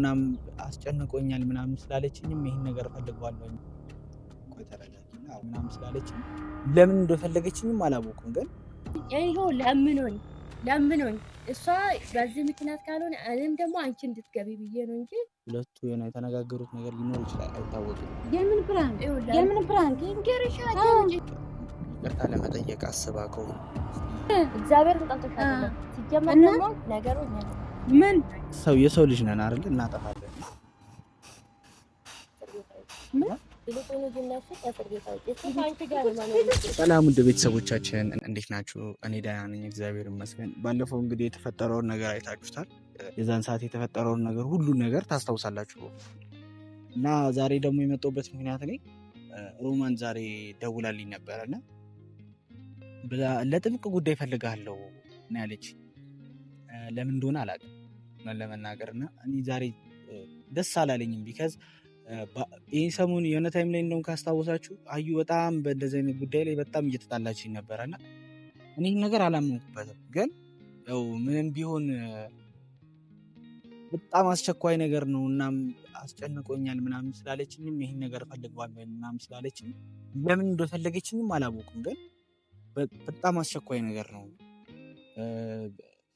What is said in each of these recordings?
ምናምን አስጨንቆኛል ምናምን ስላለችኝም ይህን ነገር ፈልገዋለሁ ምናምን ስላለችኝ ለምን እንደፈለገችኝም አላወኩም። ግን ይኸው ለምኖኝ ለምኖኝ እሷ በዚህ ምክንያት ካልሆነ እኔም ደግሞ አንቺ እንድትገቢ ብዬ ነው እንጂ ሁለቱ የሆነ የተነጋገሩት ነገር ሊኖር ይችላል፣ አይታወቅም። የምን ብራንክ የምን ብራንክ ብራንድ ይቅርታ ለመጠየቅ አስባ ከሆነ እግዚአብሔር ተጣልቶሻል። ሲጀመር ደግሞ ነገሩ ምን ሰው የሰው ልጅ ነን አይደል? እናጠፋለን። ሰላም ውድ ቤተሰቦቻችን እንዴት ናችሁ? እኔ ደህና ነኝ፣ እግዚአብሔር ይመስገን። ባለፈው እንግዲህ የተፈጠረውን ነገር አይታችሁታል። የዛን ሰዓት የተፈጠረውን ነገር ሁሉ ነገር ታስታውሳላችሁ። እና ዛሬ ደግሞ የመጣሁበት ምክንያት እኔ ሮማን ዛሬ ደውላልኝ ነበረና ለጥብቅ ጉዳይ ፈልጋለሁ ነው ያለች ለምን እንደሆነ አላውቅም ለመናገር እና እኔ ዛሬ ደስ አላለኝም። ቢከዝ ይህ ሰሞን የሆነ ታይም ላይ እንደውም ካስታወሳችሁ አዩ በጣም በእንደዚህ አይነት ጉዳይ ላይ በጣም እየተጣላችኝ ነበረና እኔ ነገር አላመንኩበትም። ግን ያው ምንም ቢሆን በጣም አስቸኳይ ነገር ነው እናም አስጨንቆኛል ምናምን ስላለችኝም ይህን ነገር ፈልገዋል ምናምን ስላለችኝ ለምን እንደፈለገችኝም አላወኩም። ግን በጣም አስቸኳይ ነገር ነው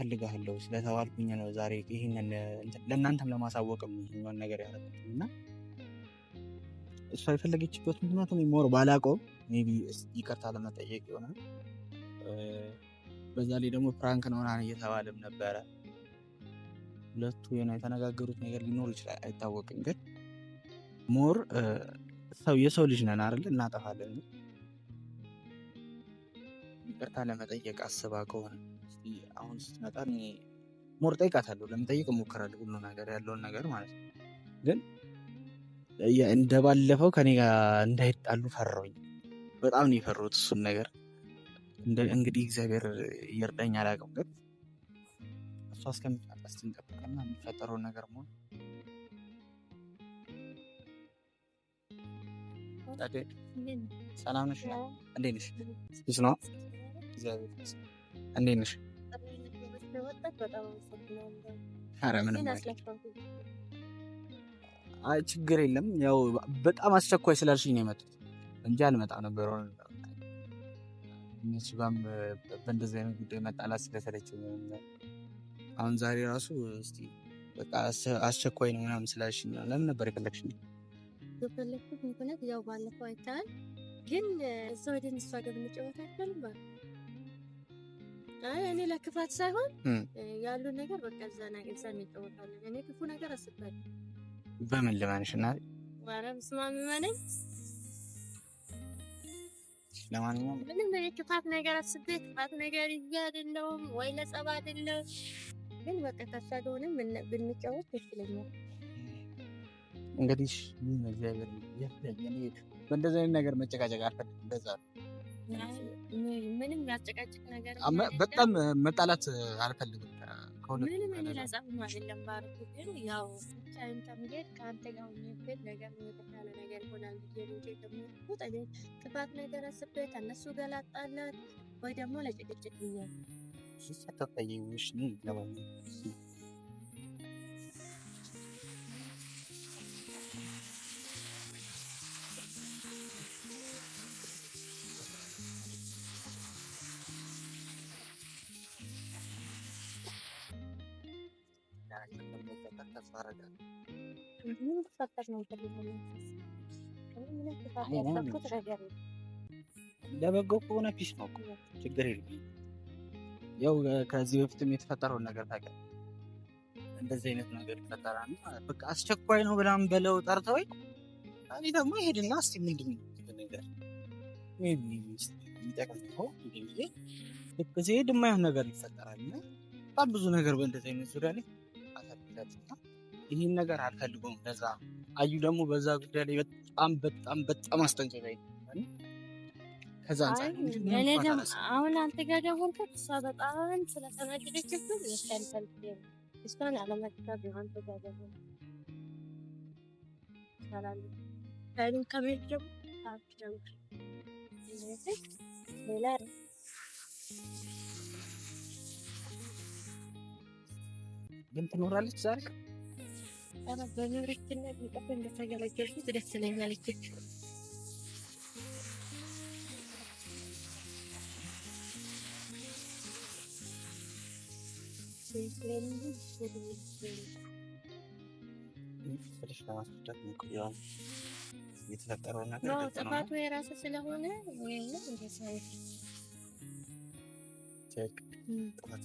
ፈልጋለሁ ስለተባልኩኝ ነው ዛሬ ይህንን ለእናንተም ለማሳወቅ የሚሆን ነገር ያደረኩት እና እሷ የፈለገችበት ምክንያት እኔ ሞር ባላቀው ቢ ይቅርታ ለመጠየቅ ይሆናል። በዛ ላይ ደግሞ ፕራንክ ነው ምናምን እየተባለም ነበረ። ሁለቱ የሆነ የተነጋገሩት ነገር ሊኖር ይችላል አይታወቅም። ግን ሞር ሰው የሰው ልጅ ነን አይደል? እናጠፋለን። ይቅርታ ለመጠየቅ አስባ ከሆነ አሁን ስትመጣ ሞር ጠይቃታለሁ፣ ለመጠየቅ እሞክራለሁ ሁሉ ነገር ያለውን ነገር ማለት ነው። ግን እንደባለፈው ከኔ ጋር እንዳይጣሉ ፈራሁኝ። በጣም ነው የፈሩት እሱን ነገር። እንግዲህ እግዚአብሔር ይርዳኝ አላቀም ግን እሱ እስከምትመጣ ስንጠብቅና የሚፈጠረውን ነገር መሆን ሰላም ነሽ? እንዴት ነሽ? ስ ነው እግዚአብሔር እንዴ ነሽ? አይ ችግር የለም። ያው በጣም አስቸኳይ ስላልሽኝ ነው የመጡት እንጂ አልመጣ ነበር። እነሱ በእንደዚህ አይነት ጉዳይ መጣላት ስለሰለችኝ አሁን ዛሬ ራሱ በቃ አስቸኳይ ነው ምናምን ስላልሽኝ ለምን ነበር የፈለግሽኝ? የፈለግኩት ምክንያት ያው ባለፈው አይተሃል፣ ግን እዛው ሄደን እሷ ጋር ብንጫወት አይፈልም እኔ ለክፋት ሳይሆን ያሉ ነገር በቃ እዛ ነገር እዛ እንጫወታለን። እኔ ክፉ ነገር አስባለሁ። በምን ልመንሽ እና ኧረ በስመ አብ እመነኝ። ለማንኛውም ምንም እኔ ክፋት ነገር አስቤ ክፋት ነገር ይዤ አይደለሁም ወይ ለጸባ አይደለም ግን በቃ ከእሷ ጋር ብንጫወት ደስ ይለኛል። እንግዲህ ምን እግዚአብሔር ይመስገን። በእንደዚህ አይነት ነገር መጨቃጨቅ አልፈልግም። በዛ ነው ምንም ያጨቃጭቅ ነገር በጣም መጣላት አልፈልግም። ምንም አይደለም ባርኩ፣ ግን ያው ጋር ነገር ነገር ነው ክፋት ነገር አስቤ ከእነሱ ጋር ላጣላት ወይ ደግሞ ለጭቅጭቅ ብዬ ለበጎ ከሆነ ፒስ ነው ችግር የለም። ያው ከዚህ በፊትም የተፈጠረውን ነገር ታውቃለህ። እንደዚህ አይነት ነገር ይፈጠራል። በቃ አስቸኳይ ነው ብላም በለው ጠርተወኝ እኔ ደግሞ ይሄድና ምንድን ነው ነገር ነገር ይፈጠራል በጣም ብዙ ነገር በእንደዚህ አይነት ዙሪያ ላይ አለበት እና ይህን ነገር አልፈልገውም። ለዛ አዩ ደግሞ በዛ ጉዳይ ላይ በጣም በጣም በጣም አስጠንቀቂያ ከዛ አሁን አንተ ጋር ደወልኩት። እሷ በጣም ስለተናደደችብን እሷን አንተ ጋር ደግሞ ሌላ ግን ትኖራለች ዛሬ በኖረችና ሚጠፍ እንደተገለገልኩ ትደስለኛለች። ፍልሽ ለማስረዳት ሞክያል። የተፈጠረው ነገር ጥፋቱ የራስ ስለሆነ ጥፋት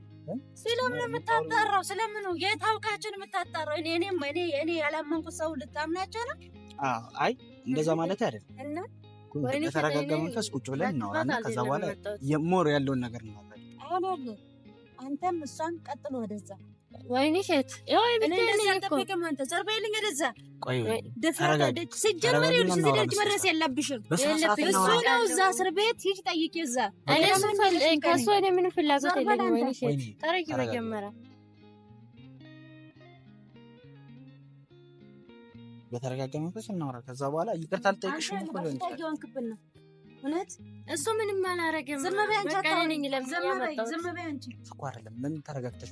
ስለምን የምታጠራው ስለምኑ የት አውቃችን እኔ እኔ እኔ ያላመንኩት ሰው ልታምናቸው ነው? አይ እንደዛ ማለት አይደለም። መንፈስ ቁጭ ብለን ከዛ በኋላ የሞር ያለውን ነገር እናወራለን። አንተም እሷን ቀጥሎ ወደዛ ወይኔ ሸት ሲጀመር እዚህ ደረጃ መድረስ የለብሽም። እሱ ነው እዛ እስር ቤት ሂጅ ጠይቂ። እዛ ከእሱ እኔ ምን ፍላጎት የለኝም። ወይኔ ሸት ተረጂ መጀመሪያ በተረጋጋ መንፈስ እናውራ። ከዛ በኋላ ይቅርታ አልጠይቅሽም እኮ ሊሆን እውነት እሱ ምንም አላረገም። ዝም በይ አንቺ፣ አታውሪኝ። ለምን ተረጋግተሽ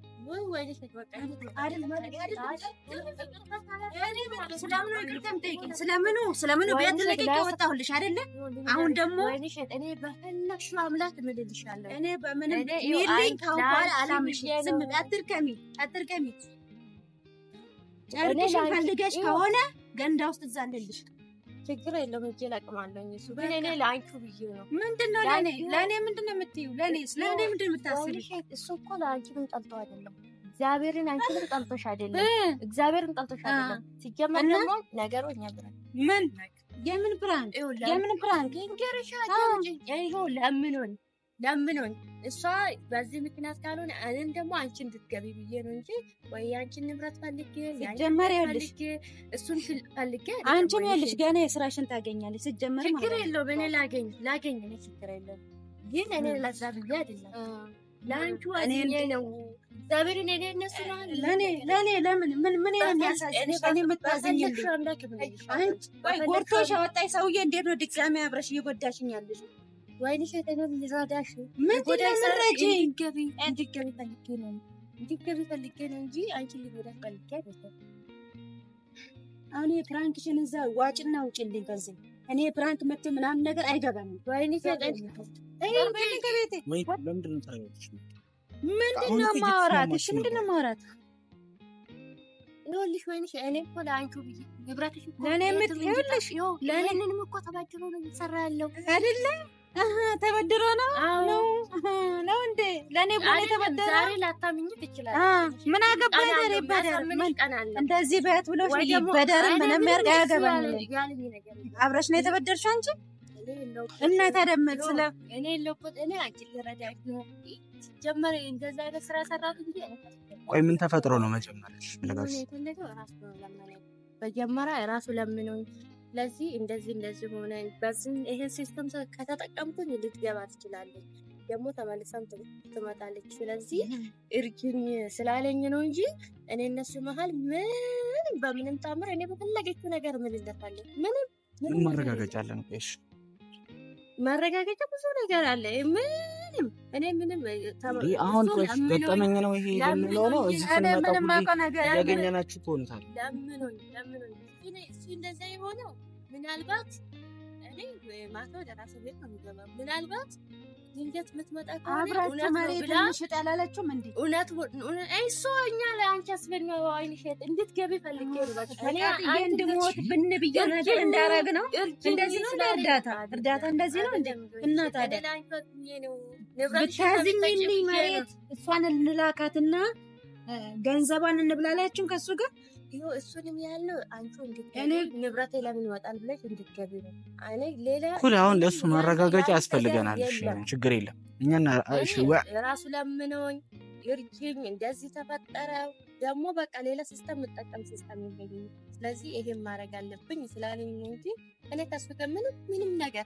ስለምኑ ስለምኑ ቤት ለቅቄ ወጣሁልሽ አይደለ? አሁን ደግሞ እኔ በፈለግሽው አምላክ እምልልሻለሁ። እኔ በምንም ሚልኝ ካሁን በኋላ አላምንሽ። ዝም አትርከሚ፣ አትርከሚ። ጨርቅሽን ፈልገሽ ከሆነ ገንዳ ውስጥ እዛ እንልልሽ ችግር የለውም። እጄ ለቅማለሁ። እሱ ግን እኔ ለአንቺ ብዬ ነው። ምንድን ነው ለእኔ ለእኔ ምንድን ነው የምትይው? ለእኔ ለእኔ ምንድን ነው እሱ እኮ ለአንቺ ምን ጠልቶ አይደለም እግዚአብሔርን አንቺ አንቺንም ጠልቶሽ አይደለም። እግዚአብሔርን ጠልቶሽ አይደለም። ሲጀመር ደግሞ ነገሩ እኛ ብራን ምን የምን ብራን የምን ብራን ንገርሻ ለምንን ለምኖኝ እሷ በዚህ ምክንያት ካልሆነ እኔም ደግሞ አንቺ እንድትገቢ ብዬ ነው እንጂ ወይ አንቺን ንብረት ፈልጌ ስጀመር ያልሽ እሱን ፈልጌ አንቺም ያልሽ ገና የስራሽን ታገኛለሽ። ስጀመር ችግር የለውም በእኔ ላገኝ ላገኝ እኔ ችግር የለውም። ግን እኔ ለዛ ብዬ አይደለም ለአንቺ ወድኜ ነው እግዚአብሔርን እኔ እነሱ ለእኔ ለእኔ ለምን ምን ምን የሚያሳዝንሽ እኔ የምታዝኝልኝ አንቺ ወይ ጎርቶሽ አወጣኝ ሰውዬ እንዴት ነው ድጋሚ አብረሽ እየጎዳሽኝ ያለሽ? ወይንሽ አይደለም ልረዳሽ ምንድነው የምትረጂኝ? እንድትገቢ ፈልጌ ነው እንድትገቢ ፈልጌ ነው እንጂ አንቺን ልጎዳሽ ፈልጌ አይደለም። አሁን የፕራንክሽን እዛ ዋጭና ውጭልኝ ገንዘብ እኔ የፕራንክ መብት ምናምን ነገር አይገባም። ወይንሽ ምንድነው ማውራት? እሺ ምንድነው ማውራት? ይኸውልሽ ወይንሽ እኔ እኮ ለአንቺ ብዬ ንብረትሽ ለእኔ የምትይውልሽ ለእኔ እኮ ተባጅሮ ነው የሚሰራ ያለው አይደለም ተበድሮ ነው ነው ነው እንዴ? ለእኔ ላታምኝ ትችላለህ። ምን አገባኝ? ዛሬ ይበደር እንደዚህ በያት ይበደር። ምንም አብረሽ ነው አንቺ እና ስለ እኔ ለቁጥ እኔ አንቺ ጀመረ። እንደዛ አይነት ስራ ሰራሁ እንጂ ቆይ፣ ምን ተፈጥሮ ነው መጀመሪያ? ለጋስ ለጋሽ ራሱ ለምኖኝ ለዚህ እንደዚህ እንደዚህ ሆነ በዚህ ይሄን ሲስተም ከተጠቀምኩኝ ልትገባ ትችላለች፣ ደግሞ ተመልሰም ትመጣለች። ስለዚህ እርጅኝ ስላለኝ ነው እንጂ እኔ እነሱ መሀል ምን በምንም ታምር እኔ በፈለገችው ነገር ምን ልለታለን ምንም ምን ማረጋገጫ መረጋገጫ ብዙ ነገር አለ። እኔ ምንም አሁን ገጠመኝ ነው ይሄ የምለው ነው። እዚህ ያገኘናችሁ ትሆኑታል። እንደዚያ የሆነው ምናልባት እኔ ማታ ወደ ራሴ ቤት ነው የሚገባ ምናልባት ድንገት ምትመጣ ከሆነ እውነት እንዴ? እውነት እሱ እኛ ላይ አንቺ ፈልጌ እንድሞት ብን ብዬ ነገር እንዳረግ ነው። እንደዚህ ነው እርዳታ እርዳታ እንደዚህ ነው እንዴ? ብታዝኝልኝ መሬት እሷን እንላካትና ገንዘቧን እንብላላችን ከእሱ ጋር እሱንም ያለው አንቺ እንድትገቢ ንብረት ለምን ይወጣል ብለሽ እንድትገቢ ነው። ሌላ እኩል አሁን ለእሱ ማረጋገጫ ያስፈልገናል። ችግር የለም እኛና ራሱ ለምኖኝ እርጅኝ እንደዚህ ተፈጠረ ደግሞ በቃ ሌላ ሲስተም የምጠቀም ሲስተም ይገኝ። ስለዚህ ይሄን ማድረግ አለብኝ ስላለኝ እንጂ እኔ ከሱ ከምንም ምንም ነገር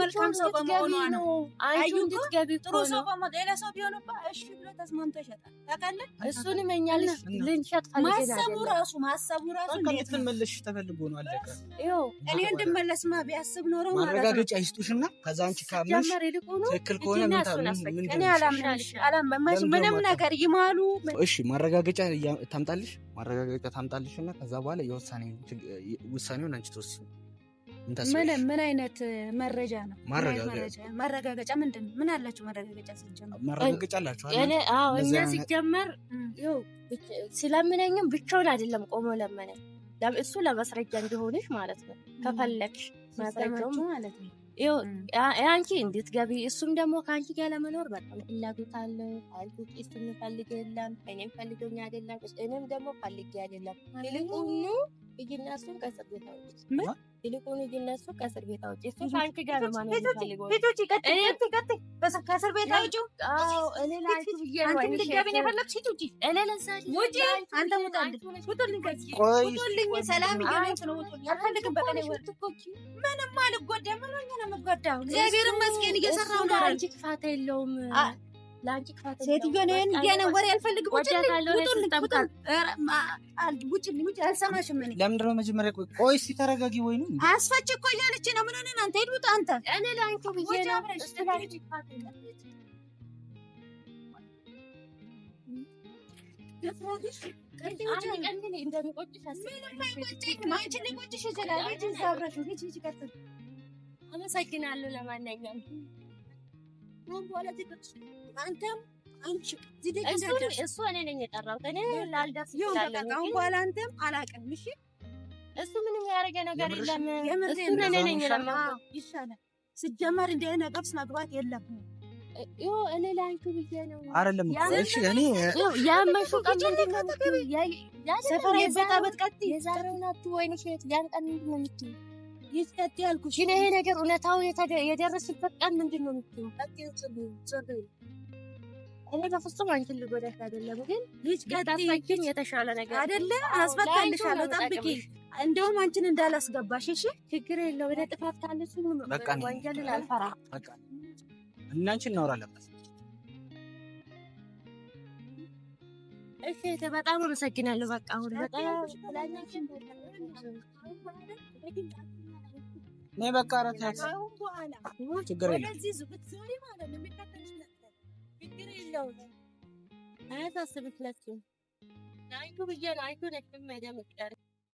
መልካም ሰው በመሆኗ ነው። አዩ እንድትገቢ ጥሩ ሰው ሌላ ሰው እሺ ብሎ ተስማምቶ ይሸጣል። ታውቃለህ? እሱንም እኛ ልንሸጥ ማሰቡ ራሱ ማሰቡ ራሱ እንድትመለሽ ተፈልጎ ነው። አለቀ። እኔ እንድመለስማ ቢያስብ ኖሮ ማረጋገጫ ይስጡሽና ከዛ አንቺ ትክክል ከሆነ እኔ ምንም ነገር ይማሉ። እሺ ማረጋገጫ ታምጣልሽ፣ ማረጋገጫ ታምጣልሽ እና ከዛ በኋላ የውሳኔውን አንቺ ትወስኚ ምን አይነት መረጃ ነው? ማረጋገጫ ምንድን ነው? ምን አላችሁ? ማረጋገጫ ሲጀመር ማረጋገጫ አላችሁ? እኛ ሲጀመር ሲለምነኝም ብቻውን አይደለም ቆሞ ለመነ እሱ ለማስረጃ እንዲሆንሽ ማለት ነው። ከፈለግሽ ማስረጃው ማለት ነው። አንቺ እንዴት ገቢ እሱም ደግሞ ከአንቺ ጋር ለመኖር በጣም ፍላጎት አለው። አንቺ ቄስ እንፈልግ የለም እኔም ፈልገኛ አይደለም እኔም ደግሞ ፈልጌ አይደለም ልልሁኑ ሂጂና እሱን ከእስር ቤት አውጪ። ይልቁን ሂጂና እሱን ከእስር ቤት አውጪ። እሱ ከአንቺ ጋር ነው ማለት ነው። ይቀጥል ከእስር ቤት አውጪው። እኔ እኔ አንተ ውጡልኝ፣ ሰላም ነው። ምንም አልጎዳም። ምን ነው የምጎዳው? እግዚአብሔር ይመስገን እየሰራሁ ነው። አንቺ ጥፋት የለውም ለአንቺ ክፋት ሴትዮ ነን ገነ ወሬ አልፈልግም። አልሰማሽም። እኔ ለምንድን ነው መጀመሪያ? ቆይ ቆይ እስኪ ተረጋጊ። ወይ አስፈች እኮ እያለች ነው። ምን ሆነን አንተ ሂድ ውጣ አንተ እኔ ላንቺ ብዬ ነው። አመሰግናለሁ። ለማንኛውም ከአሁን በኋላ አንተም አንቺ እሱ እኔ ነኝ የጠራሁት። እኔ ላልደርስ ይችላለን። በኋላ አንተም አላውቅም። እሺ እሱ ምንም ያደረገ ነገር የለም። እኔ ነኝ ይሻላል። ስጀመር እንደ ቀብስ መግባት የለም። እኔ ላንቺ ብዬ ነው አይደለም። እሺ እኔ ያመሹ ያን ቀን ነው የምትይው ይስጠት ያልኩሽ ግን ይሄ ነገር እውነታው የደረስበት ቀን ምንድን ነው የምትይው? እኔ በፍጹም አንቺን ልጎዳሽ አይደለም፣ ግን ልጅ የተሻለ ነገር አይደለ? አስፈታልሻለሁ፣ ጠብቂ። እንደውም አንቺን እንዳላስገባሽ እሺ። ችግር የለው ወደ ጥፋት ካለች ወንጀልን አልፈራ እናንቺ እናወራለን። እሺ፣ በጣም አመሰግናለሁ። በቃ አሁን በጣም ነይ በቃ ኧረ ተያት፣ ችግር የለም አያሳስብት ለሱ አይቱ ብዬሽ ነው አይቱ